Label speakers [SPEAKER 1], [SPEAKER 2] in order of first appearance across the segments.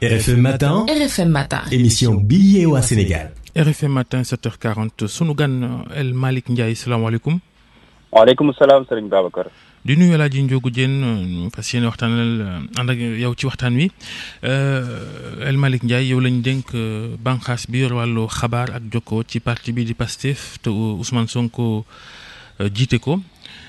[SPEAKER 1] RFM Matin.
[SPEAKER 2] RFM Matin.
[SPEAKER 1] Émission Billet au Sénégal. RFM Matin 7h40 sunu gan euh, El Malik Ndiaye salaamaaleykum.
[SPEAKER 2] waaleykum salam, sëriñ Babacar.
[SPEAKER 1] di nuyu El Hadj Ndiogou Diène euh, fas yéene waxtaanal euh, ànd ak yow ci waxtaan wi El Malik Ndiaye yow lañ dénk bànqaas bi yor wàllu xabaar ak jokkoo ci parti bi di Pastef te Ousmane Sonko jiite ko.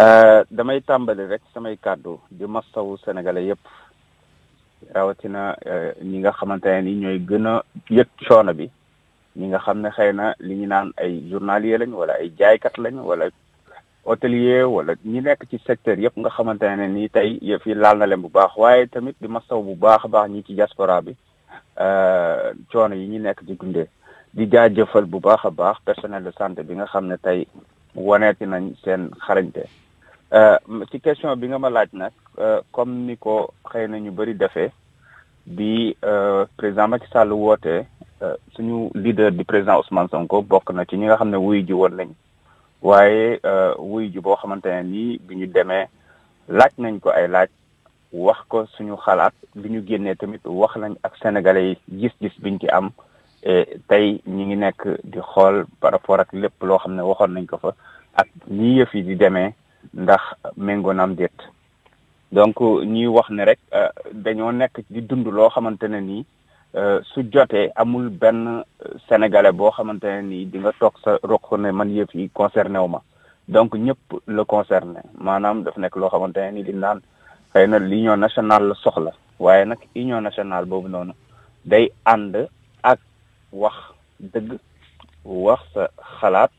[SPEAKER 2] Euh, damay tàmbali rek samay kàddu di mastawu sénégalais yépp rawatina euh, ñi nga xamante ne ni ñooy gën a yëg coono bi ñi nga xam ne xëy na li ñu naan ay journalier lañu wala ay jaaykat lañu wala hôtelier wala ñi nekk ci secteur yépp nga xamante ne ni tey yëf yi laal na leen bu baax waaye tamit di mastaw bu baax a baax ñi ci diaspora bi euh, coono yi ñu nekk di dundee di jaajëfal bu baax a baax personnel de santé bi nga xam ne tey waneeti nañ seen xarañte euh, ci question bi nga ma laaj nag euh, comme ni ko xëy na ñu bëri defee bi euh, président Macky Sall woote suñu leader di président Ousmane Sonko bokk na ci ñi nga xam ne wuy ji woon nañ waaye wuy ji boo xamante ne nii bi ñu demee laaj nañ ko ay laaj wax ko suñu xalaat bi ñu génnee tamit wax nañ ak sénégalais yi gis-gis biñ ci am Eh, tey ñi ngi nekk di xool par rapport ak lépp loo xam ne waxoon nañ ko fa ak ñi yëf yi di demee ndax méngoo na déet donc ñuy wax ne rek euh, dañoo nekk di dund loo xamante ne nii euh, su jotee amul benn euh, sénégalais boo xamante ne nii di nga toog sa roq ne man yëf yi concerné wu ma donc ñëpp le concerné maanaam daf nekk loo xamante ne nii di naan xëy na l'union nationale la soxla waaye nag union nationale boobu noonu day ànd ak wax dëgg wax sa xalaat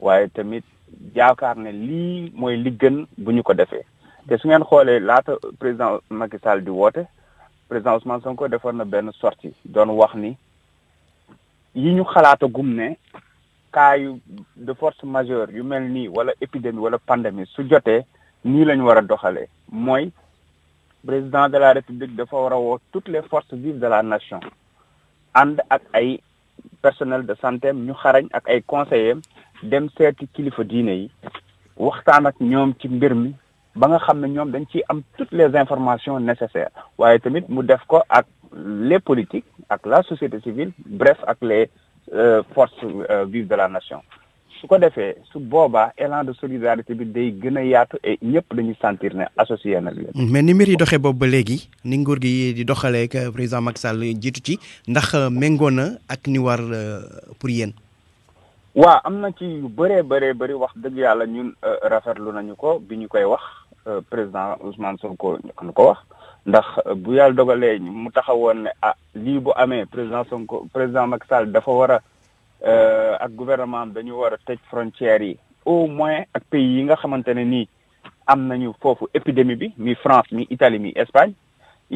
[SPEAKER 2] waaye tamit yaakaar ne lii mooy li gën bu ñu ko defee te su ngeen xoolee laata président Macky Sall di woote président Ousmane Sonko defoon na benn sortie doon wax ni yi ñu xalaata gum ne yu de force majeure yu mel nii wala épidémie wala pandémie su jotee nii la ñu war a président de la république dafa war a woo toutes les forces vives de la nation and ak ay personnel de santé nous xarañ ak ay conseillers dem seeti kilifa diine yi waxtaan ak ñoom ci mbir mi ba nga toutes les informations nécessaires tamit mu def les politiques ak la société civile bref avec les euh, forces euh, vives de la nation su ko defee su boobaa élan de solidarité bi day gën a yaatu et ñëpp dañuy sentir ne associé na
[SPEAKER 3] leen. mais ni mbir yi doxee boobu ba léegi ni nguur gi di doxalee ak président Macky Sall jiitu ci ndax euh, méngoo na ak ni war euh, pour yéen.
[SPEAKER 2] waa am na ci yu bëree bëree bëri wax dëgg yàlla ñun euh, rafetlu nañu ko bi ñu koy wax président Ousmane Sonko ñu ko wax ndax bu yàlla dogalee mu taxawoon ne ah lii bu amee président Sonko président Macky Sall dafa war a. Euh, ak gouvernement am dañu war a tëj frontières yi au moins ak pays yi nga xamante ne nii am nañu foofu épidémie bi mi France mi Italie mi Espagne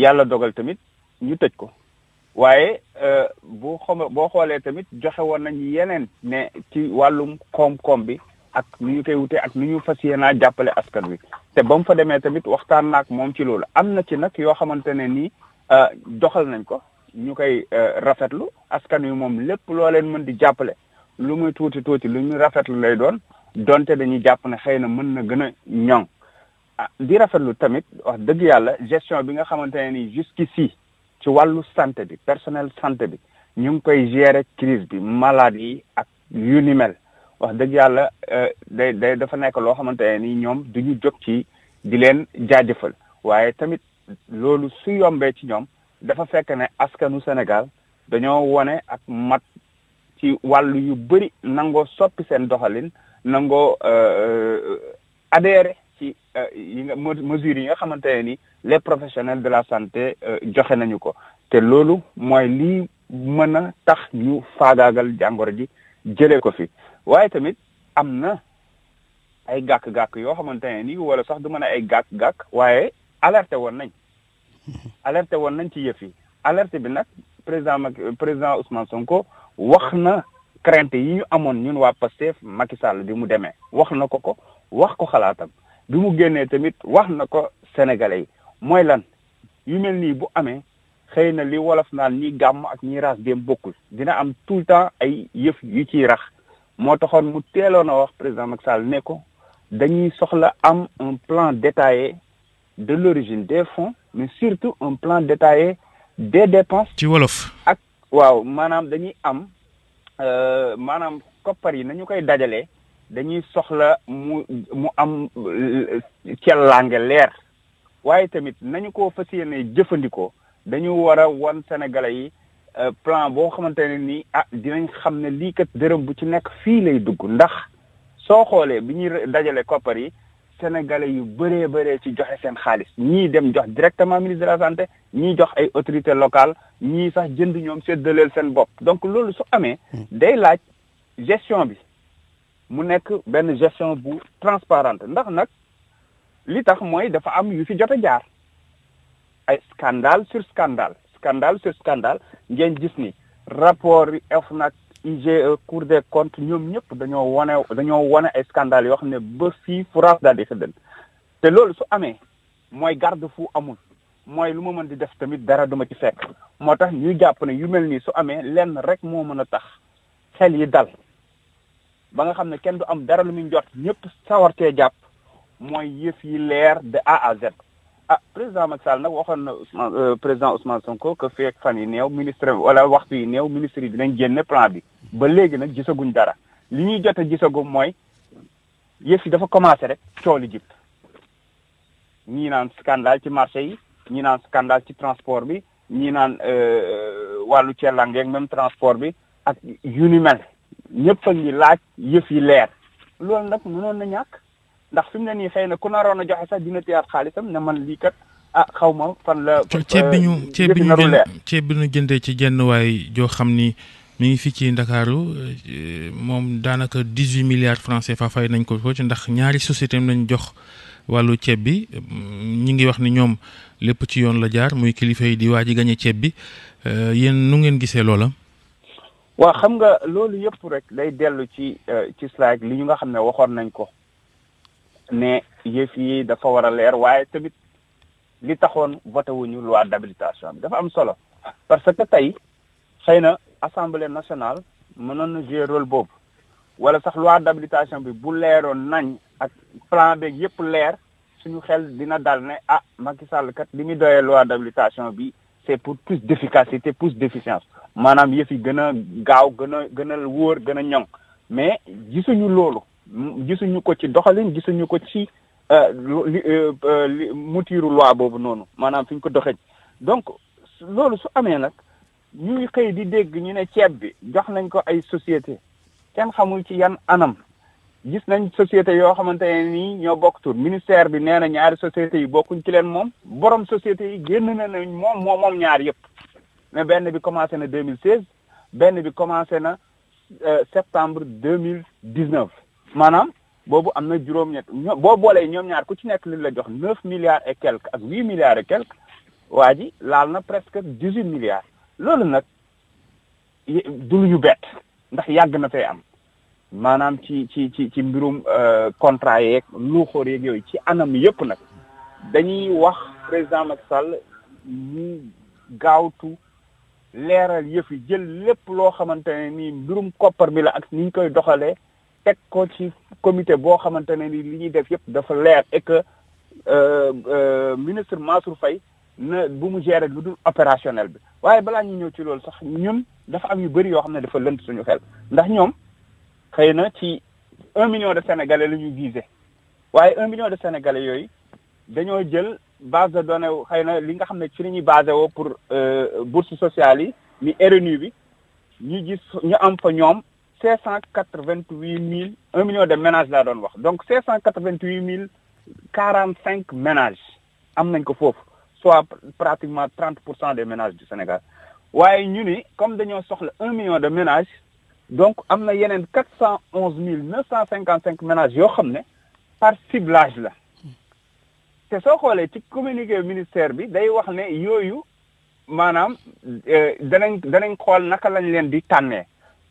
[SPEAKER 2] yàlla dogal tamit ñu tëj ko waaye euh, boo xom boo xoolee tamit joxe woon nañ yeneen ne ci wàllum koom-koom bi ak nu ñu koy wutee ak nu ñu fas yéenaa jàppale askan wi te ba mu fa demee tamit waxtaan naak moom ci loolu am na ci nag yoo xamante ne nii euh, doxal nañ ko ñu koy euh, rafetlu askan wi moom lépp loo leen mën di jàppale lu muy tuuti tuuti lu ñu rafetlu lay doon donte dañuy jàpp ne xëy na mën na gën a ñoŋ ah di rafetlu tamit wax dëgg yàlla gestion bi nga xamante ne ni jusqu'ici ci wàllu santé bi personnel santé bi ñu ngi koy gérer crise bi malaad yi ak yu ni mel wax dëgg yàlla euh, day day dafa nekk loo xamante ne ni ñoom duñu ñu jóg ci di leen jaajëfal waaye tamit loolu su yombee ci ñoom dafa fekk ne askanu Sénégal dañoo wone ak mat ci yu mesures yi les professionnels de la santé euh, joxe nañu ko te loolu mooy lii mën a tax ñu faagaagal jàngoro ji jëlee ko fi waaye tamit ay ni wala sax du alerté woon nañ ci yëf yi alerte bi nag président euh, président Ousmane Sonko wax na crainte yi ñu amoon ñun waa Pastef Macky Sall bi mu demee wax na ko ko wax ko xalaatam bi mu génnee tamit wax na ko sénégalais yi mooy lan yu mel nii bu amee xëy na li wolof naan ñi gàmm ak ñi raas dem bokkul dina am tout le temps ay yëf yu ciy rax moo taxoon mu teeloon a wax président Macky Sall ne ko dañuy soxla am un plan détaillé de l'origine des fonds mais surtout un plan détaillé des dépenses. ci wolof ak waaw maanaam dañuy am euh, maanaam koppar yi nañu koy dajalee dañuy soxla mu mu am euh, cellaange leer waaye tamit nañu ko fas yéene jëfandikoo dañu war a wan sénégalais yi euh, plan boo xamante ne nii ah dinañ xam ne lii kat dërëm bu ci nekk fii lay dugg ndax soo xoolee bi ñuy dajale koppar yi. sénégalais yu bëree bëree ci joxe seen xaalis ñii dem jox directement ministre de la santé ñii jox ay autorités locales ñii sax jënd ñoom séddaleel seen bopp donc loolu su amee hmm. day laaj gestion bi mu nekk benn gestion bu transparente ndax nag li tax mooy dafa am yu fi jot a jaar ay scandale sur scandale scandale sur scandale ngeen gis ni rapport yi OFNAC IGE euh, Cour des comptes ñoom ñëpp dañoo wane dañoo wane ay scandale yoo xam ne ba fii France daal di xëddal te loolu su amee mooy garde fu amul mooy lu ma mën di def tamit dara duma ci fekk moo tax ñuy jàpp ne yu mel nii su amee lenn rek moo mën a tax xel yi dal ba nga xam ne kenn du am dara lu muy njot ñëpp cee jàpp mooy yëf yi leer de A à Z ah président Macky Sall nag waxoon na Ousmane euh, président Ousmane Sonko que feek fan yi néew ministre wala waxtu yi néew ministre yi dinañ génne plan bi ba léegi nag gisaguñ dara li ñuy jot a gisagum mooy yëf yi dafa commencé rek coow li ñi naan scandale ci marché yi ñi naan scandale ci transport bi ñii naan euh, euh, wàllu cellangeeg même transport bi ak yu ni mel ñëpp a ngi laaj yëf yi leer loolu nag mënoon na ñàkk ndax fi mu ne nii xëy na ku naroon a joxe sax dina téyaat xaalisam ne man lii kat ah xaw ma fan la. ceeb bi ñu euh, ceeb bi ñu
[SPEAKER 1] ceeb bi ñu ci jenn waay joo xam ni mi ngi fii ci Ndakaaru euh, moom daanaka dix huit milliards francs CFA fay nañ ko ko ci ndax ñaari société am lañ jox wàllu ceeb bi mm, ñu ngi wax ni ñoom lépp ci yoon la jaar muy kilifa yi di waa ji gañe ceeb bi euh, yéen nu ngeen gisee loola.
[SPEAKER 2] waa xam nga loolu yëpp rek lay dellu ci ci slaide li ñu nga xam ne waxoon nañ ko. ne yëf yi dafa war a leer waaye tamit li taxoon voté wuñu loi d'habilitation bi dafa am solo parce que tey xëy na assemblée nationale mënoon na jouer rôle boobu wala sax loi d'habilitation bi bu leeroon nañ ak plan beeg yëpp leer suñu xel dina dal ne ah Macky Sall kat li muy doyee loi d'habilitation bi c'est pour plus d'efficacité plus d'efficience maanaam yëf yi gën a gaaw gën a gën a wóor gën a ñoŋ mais gisuñu loolu gisuñu ko ci doxalin gisuñu ko ci euh, euh, euh, mutiiru loi boobu noonu maanaam fi ñu ko doxee donc loolu su amee nag ñuy xëy di dégg ñu ne ceeb bi jox nañ ko ay société kenn xamul ci yan anam gis nañ société yoo xamante ne nii ñoo bokk tur ministère bi nee na ñaari sociétés yi bokkuñ ci leen moom borom sociétés yi génn na nañ moom moom moom ñaar yëpp mais benn bi commencé na 2016 benn bi commencé na septembre 2019 maanaam boobu am na juróom-ñett boo boolee ñoom ñaar ku ci nekk li la jox neuf milliards et quelque ak huit milliards et quelque waa ji laal na presque dix huit milliards loolu nag du lu ñu bett ndax yàgg na fee am maanaam ci ci ci ci mbirum euh, contrat yeeg luuxóor yeeg yooyu ci anam yëpp nag dañuy wax président Macky Sall mu gaawtu leeral yëf yi jël lépp loo xamante ne nii mbirum koppar bi la ak ni ñu koy doxalee teg ko ci comité boo xamante ne ni li ñuy def yëpp dafa leer et que euh, euh, ministre Mansour Faye na bu mu gérer lu dul opérationnel bi waaye balaa ñu ñëw ci loolu sax ñun dafa am yu bëri yoo xam ne dafa lënt suñu xel ndax ñoom xëy na ci un million de sénégalais la ñu visé waaye un million de sénégalais yooyu dañoo jël base de données xëy na li nga xam ne ci la ñuy basé woo pour euh, bourse sociale yi ni RNU bi ñu gis ñu am fa ñoom 000... 1 million de ménages la le wax donc 688 45 ménages cest soit pratiquement 30 des ménages du Sénégal ñu comme nous avons 1 million de ménages donc nous avons 411 955 ménages par ciblage la c'est soo ci communiqué ministère bi day wax ne yooyu maanaam euh, danañ danañ xool naka lañ leen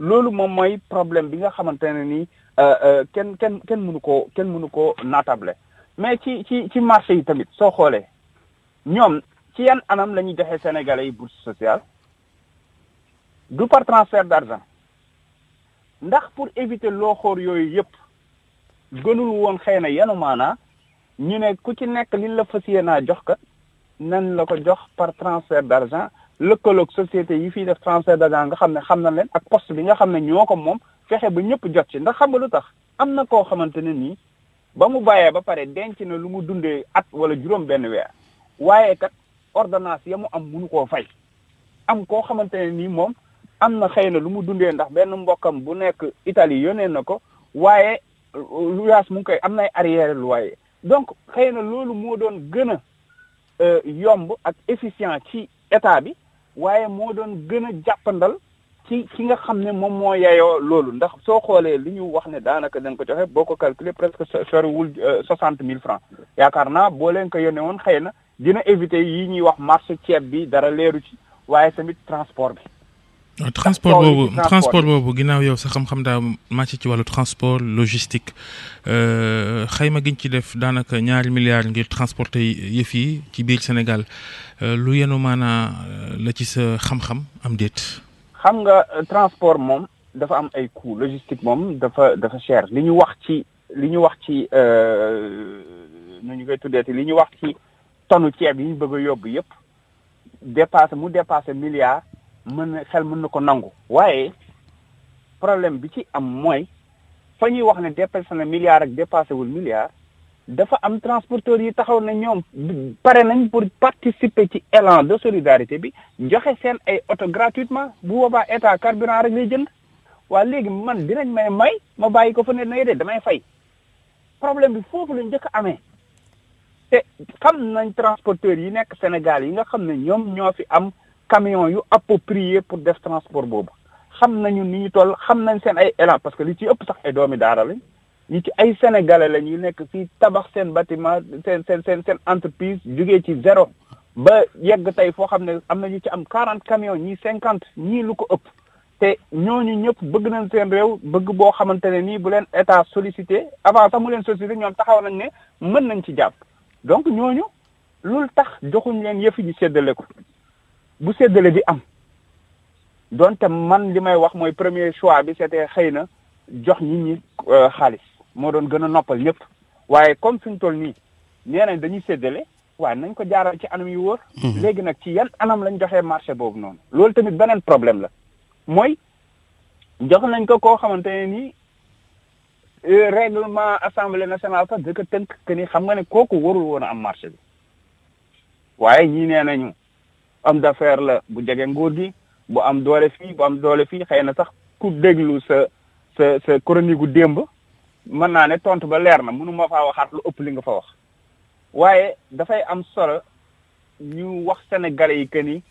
[SPEAKER 2] loolu moom mooy problème bi nga xamante ne ni euh, euh, kenn kenn kenn mënu ko kenn mënu koo naatable mais ci ci ci marché yi tamit soo xoolee ñoom ci yan anam la ñuy joxe sénégalais yi bourse sociale du par transfert d'argent ndax pour éviter looxoor yooyu yëpp gënul woon xëy na yanu maanaa ñu ne ku ci nekk liñ la fas yéenaa jox ka nan la ko jox par transfert d'argent lëkkaloog société yi fiy def transfert d'argent nga xam ne xam na leen ak poste bi nga xam ne ñoo ko moom fexe ba ñëpp jot ci ndax xam nga lu tax am na koo xamante ne nii ba mu bàyyee ba pare denc na lu mu dundee at wala juróom benn weer waaye kat ordonnance ya mu am munu koo fay am koo xamante ne nii moom am na xëy na lu mu dundee ndax benn mbokkam bu nekk Italie yónnee na ko waaye lu luyaas mu ngi koy am nay arrière loyer donc xëy na loolu moo doon gën a euh, yomb ak efficient ci état bi waaye moo doon gën a jàppandal ci ki nga xam ne moom moo yayoo loolu ndax soo xoolee li ñu wax ne daanaka dañ ko joxe boo ko calculer presque soriwul euh, soixante mille francs yaakaar naa boo leen ko yónnee woon xëy na dina éviter yi ñuy wax marché ceeb bi dara leeru ci waaye tamit transport bi
[SPEAKER 1] euh, transport boobu transport boobu ginnaaw yow sa xam-xam daa màcc ci wàllu transport logistique euh, xayma giñ ci def daanaka ñaari milliards ngir transporter yëf yi ci biir Sénégal euh, lu yenu maanaa la ci sa xam-xam am déet.
[SPEAKER 2] xam nga transport moom dafa am ay coût logistique moom dafa dafa cher li ñu wax ci li ñu wax ci nu ñu koy tuddeeti li ñu wax ci tonu ceeb yi ñu bëgg a yóbbu yëpp dépassé mu dépassé milliards. mën na xel mën na ko nangu waaye problème bi ci am mooy fa ñuy wax ne dépassé na milliard ak dépassé wul milliard dafa am transporteur yi taxaw na ñoom pare nañ pour participer ci élan de solidarité bi joxe seen ay oto bu boobaa état carburant rek lay jënd waa léegi man dinañ may may ma bàyyi ko fa ne nay damay fay problème bi foofu lañ njëkk amee te xam nañ transporteur yi nekk Sénégal yi nga xam ne ñoom ñoo fi am camion yu approprié pour def transport boobu xam nañu ni ñu toll xam nañ seen ay élan parce que li ci ëpp sax ay doomi daara lañ ñu ci ay sénégalais la ñu nekk fii tabax seen bâtiment seen seen seen seen entreprise jugee ci zéro ba yegg tey foo xam ne am na ci am quarante camions ñii cinquante ñii lu ko ëpp te ñooñu ñëpp bëgg nañ seen réew bëgg boo xamante ne nii bu leen état sollicité avant sax mu leen sollicité ñoom taxaw nañ ne mën nañ ci jàpp donc ñooñu loolu tax joxuñ leen yëf yi séddale bu séddale bi am donte man li may wax mooy premier choix bi c'était xëy na jox nit ñi euh, xaalis moo doon gën a noppal ñëpp waaye comme fi ñu toll nii nee nañ dañuy séddale waaye nañ ko jaaral ci anam yu wóor. Mhm. léegi nag ci yan anam lañ joxee marché boobu noonu. loolu tamit beneen problème la mooy jox nañ ko koo xamante ne nii euh, règlement assemblée nationale sax da ko tënk que ni xam nga ne kooku warul woon a am marché bi waaye ñii nee nañu. homme d'affaires la bu jege nguur gi bu am doole fii bu am doole fii xëy na sax ku déglu sa sa sa chronique gu démb mën naa ne tontu ba leer na mënuma ma faa waxaat lu ëpp li nga fa wax waaye dafay am solo ñu wax sénégalais yi que ni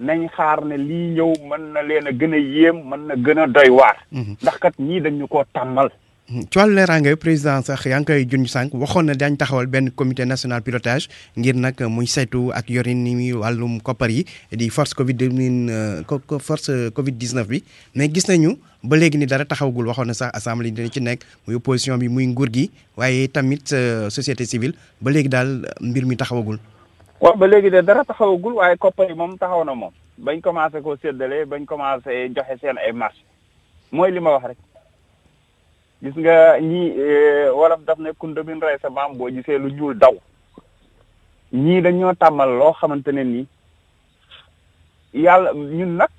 [SPEAKER 2] nañ xaar ne lii ñëw mën na leen a gën a yéem mën na gën a doy waar.
[SPEAKER 3] Mhm. ndax kat ñii dañu ko tàmmal. ci wàllu leeraange président sax yaa ngi koy junj sànq waxoon na daañ taxawal benn comité national pilotage ngir nag muy saytu ak yorin ni wàllum koppar yi di force Covid euh, force Covid 19 bi mais gis nañu ba léegi ni dara taxawagul waxoon na sax assemblée dina ci nekk muy opposition bi muy nguur gi waaye tamit euh, société civile ba léegi daal mbir mi taxawagul.
[SPEAKER 2] waaw ba léegi de dara taxawagul waaye koppar yi moom taxaw na moom. bañ commencé koo séddale bañ commencé joxe seen ay marché mooy li ma wax rek. gis nga ñii e, wolof daf ne kunda bin sa maam boo gisee lu ñuul daw ñii dañoo tàmmal loo xamante ne ni yàlla ñun nag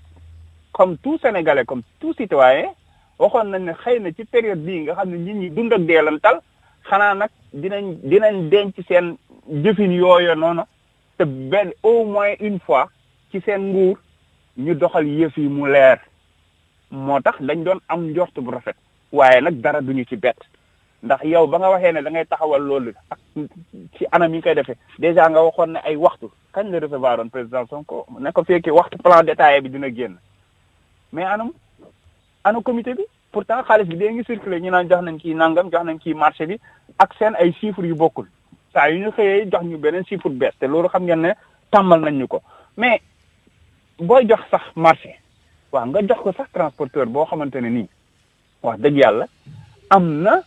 [SPEAKER 2] comme tout sénégalais comme tout citoyen waxoon nañ ne xëy na ci période bii nga xam ne nit ñi dund ak deelantal xanaa nag dinañ dinañ denc seen jëfin yooyu noonu te benn au moins une fois ci seen nguur ñu doxal yëf yi mu leer moo tax dañ doon am njort bu rafet waaye nag dara duñu ci bett ndax yow ba nga waxee ne da ngay taxawal loolu ak ci anam yi ñu koy defee dèjà nga waxoon ne ay waxtu kañ la recevoir oon président Sonko ne ko fekke waxtu plan détaillé bi dina génn mais anam anu comité bi pourtant xaalis bi dee ngi circulé ñu naan jox nañ kii nangam jox nañ kii marché bi ak seen ay chiffres yu bokkul saa yu ñu xëyee jox ñu beneen chiffre bees te loolu xam ngeen ne tàmmal nañ ñu ko mais booy jox sax marché waaw nga jox ko sax transporteur boo xamante ne nii wax dëgg yàlla am na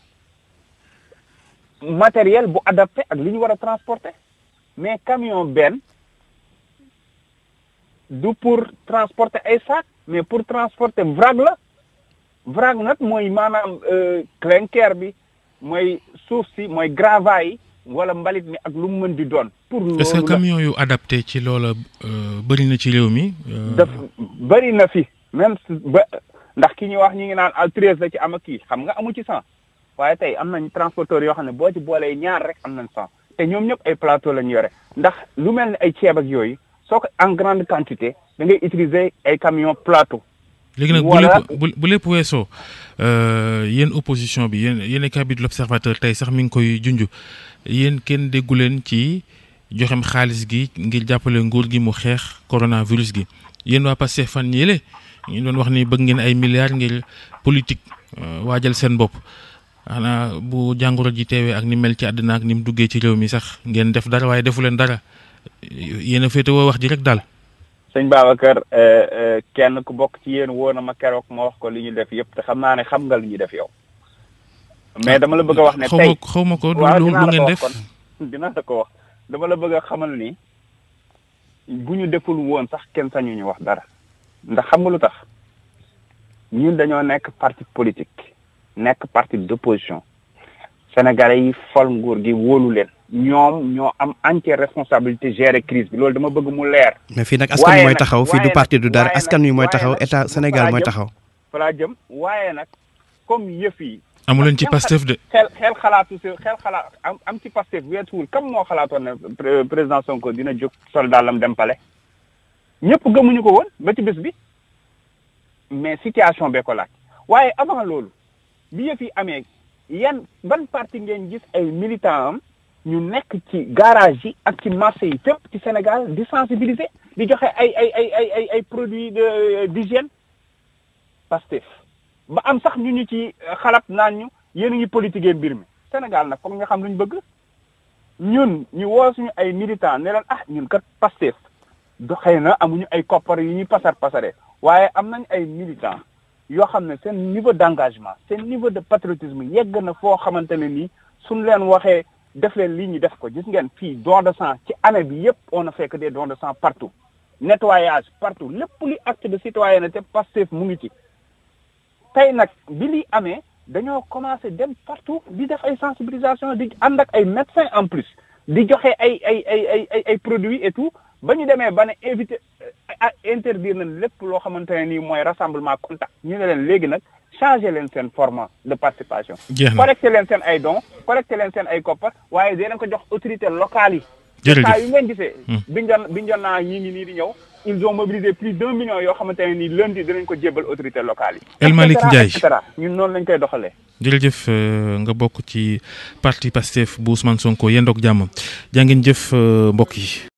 [SPEAKER 2] matériel bu adapté ak li ñu war a transporter mais camion benn du pour transporter ay mais pour transporter vrac la vrac nag mooy maanaam euh, clinker bi mooy suuf si mooy gravats yi wala mbalit mi ak lu mu mën di doon. pour loolu est-ce que camion
[SPEAKER 1] yu adapté ci loola euh, bëri na ci réew mi.
[SPEAKER 2] bari euh?
[SPEAKER 1] bëri na fi même ba
[SPEAKER 2] ndax ki ñuy wax ñu ngi naan al treize la ci am ak kii xam nga amu ci sens waaye tey am nañ transporteur yoo xam ne boo ci boolee ñaar rek am nañ sens te ñoom ñëpp ay plateau lañ yore ndax lu mel ne ay ceeb ak yooyu soo ko en grande quantité da ngay utiliser ay camion plateau.
[SPEAKER 1] léegi nag bu lépp bu lépp weesoo euh, yéen opposition bi yéen yéen a bi de l'observateur tey sax mi ngi koy junj yéen kenn déggu leen ci joxem xaalis gi ngir jàppale nguur gi mu xeex coronavirus gi yéen waa Pastef fan yële. ñu doon wax ni bëgg ngeen ay milliards ngir politique euh, waajal seen bopp xanaa bu jàngoro ji teewee ak ni mel ci àddina ak ni mu duggee ci réew mi sax ngeen def dara waaye defu leen dara yéen a féetewoo wax ji rek daal.
[SPEAKER 2] sëñ Babacar euh, euh, kenn ku bokk ci yéen woo na ma keroog ma wax ko li ñu def yëpp xam naa ne xam nga li ñu def yow. mais ah, dama la bëgg a wax ne tey
[SPEAKER 1] xaw ma ko lu ngeen def
[SPEAKER 2] la ko wax dama la bëgg a xamal ni bu ñu deful woon sax kenn sañu ñu wax dara. ndax xam nga lu tax ñun dañoo nekk parti politique nekk parti d'opposition sénégalais yi fal nguur gi wóolu leen ñoom ñoo am entière responsabilité gérer crise bi loolu dama bëgg mu leer mais fii nag askan wi mooy taxaw fii du parti du dara askan wi mooy taxaw état Sénégal mooy taxaw falaa jëm waaye nag comme yëf yi
[SPEAKER 3] amu
[SPEAKER 1] ci Pastef de
[SPEAKER 2] xel xel xalaatu si xel xalaat am am ci Pastef weetuwul kam moo xalaatoon ne président Sonko dina jóg soldat lam dem pale ñëpp gëmuñu ko woon ba ci bés bi mais situation bee ko laaj waaye avant loolu bi yëf yi amee yan ban parti ngeen gis ay militant am ñu nekk ci garage yi ak ci marché yi fépp ci Sénégal di sensibiliser di joxe ay ay ay ay ay ay produits euh, d'hygiène Pastef ba am sax ñu ñu ci xalaat naan ñu yéen a ngi politiquer mbir mi Sénégal nag foog nga xam lu ñu bëgg ñun ñu woo suñu ay militant nelaw ah ñun kat Pastef xëy na amuñu ay koppar yi ñuy pasar pasare waaye am nañ ay militants yoo xam ne seen niveau d'engagement seen niveau de patriotisme yegg na foo xamante ne nii suñ leen waxee def leen lii ñu def ko gis ngeen fii don de sang ci année bi yépp on a fekk des dons de sang partout nettoyage partout lépp li acte de citoyenneté passif mu ngi ci tey nag bi li amee dañoo commencé dem partout di def ay sensibilisation di ànd ak ay médecins en plus di joxe ay ay ay ay ay produits et tout ba ñu demee ba ne invité euh, interdire nañ lépp loo xamante ne mooy rassemblement contact ñu ne leen léegi nag changer leen seen format de participation. collecté leen seen ay don collecté leen seen ay koppar waaye dinañ ko jox autorité locale yi. jërëjëf saa yu ngeen gisee. biñ doon biñ doon naa ñii ngi nii di ñëw. ils ont mobilisé plus d'un million yoo xamante ne nii lundi dinañ ko jébbal autorité locale yi.
[SPEAKER 1] El Malick Ndiaye
[SPEAKER 2] ñun noonu lañ koy doxalee.
[SPEAKER 1] jërëjëf euh, nga bokk ci parti Pastef bu Ousmane Sonko yendoog jàmm jaa ngeen jëf euh, mbokk yi.